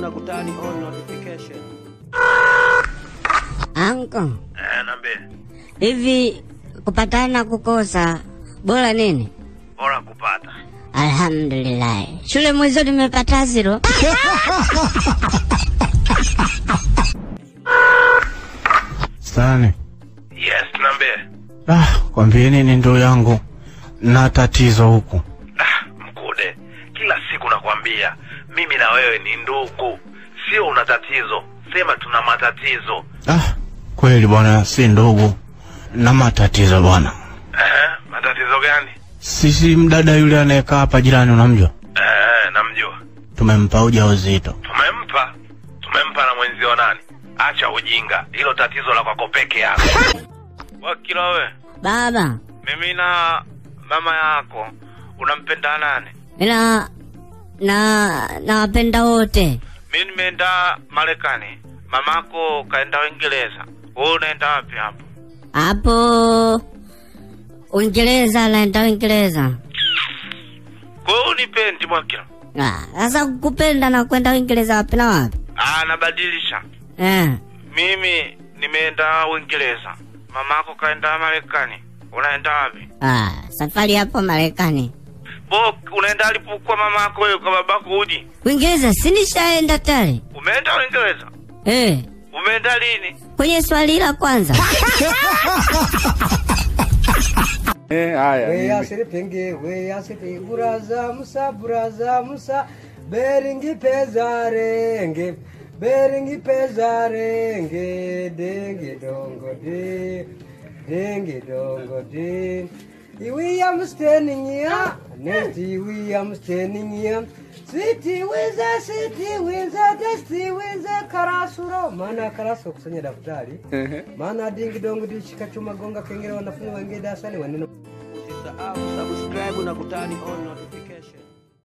subscribe na kutani on notification. Anko. Eh, niambie. Hivi kupatana kukosa bora nini? Bora kupata. Alhamdulillah. Shule mwezi nimepata zero. Sani. Yes, niambie. Ah, kwambie nini ndugu yangu? Na tatizo huku. Ah, mkude. Kila siku nakwambia mimi na wewe ni ndugu, sio una tatizo, sema tuna matatizo. Ah, kweli bwana, si ndugu na matatizo bwana. Eh, matatizo gani? Sisi mdada yule anayekaa hapa jirani, unamjua? Eh, namjua. Tumempa ujauzito. Tumempa, tumempa na mwenzio nani? Acha ujinga, hilo tatizo la kwako peke yako. Wakila we baba, mimi na mama yako unampenda nani? Mimi na na nawapenda wote. Mi nimeenda Marekani, mamako kaenda Uingereza, wewe unaenda wapi hapo? Hapo Uingereza, naenda Uingereza. Kwa hiyo unipendi Mwakila? Sasa kupenda na kwenda Uingereza wapi na wapi? Ah, nabadilisha eh. Mimi nimeenda Uingereza, mamako kaenda Marekani, unaenda wapi? Ah, safari hapo Marekani kwa unaenda alipokuwa mama yako wewe kwa babako uji? Uingereza, si nishaenda tayari. Umeenda Uingereza? Eh. Umeenda lini? Kwenye swali la kwanza. Eh, haya. asiri serpenge, weya asiri buraza musa, buraza musa, beringi peza renge. Beringi peza renge dengi dongo de. Dengi dongo de. iwiya musteninyiya nesdiwiya musteninyiya sitiwize sitiwize desitiwize karasuro mana karaso kusanya daftari mana dingi dongi dichika chuma gonga kengere wanafuni wangedasani wanenosabskribe na kutani on notification